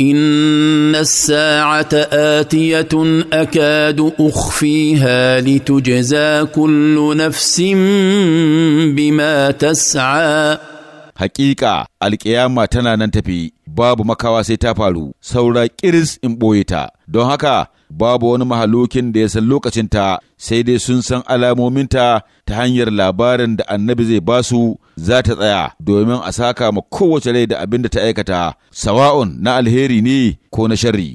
ان الساعه اتيه اكاد اخفيها لتجزى كل نفس بما تسعي Hakika alkiyama tana nan tafi, babu makawa sai ta faru, saura kiris in ɓoye ta, don haka babu wani mahalokin da ya san lokacinta sai dai sun san alamominta ta hanyar labarin da annabi zai basu za ta tsaya domin a saka ma kowace rai da abin da ta aikata, sawa'un na alheri ne ko na sharri.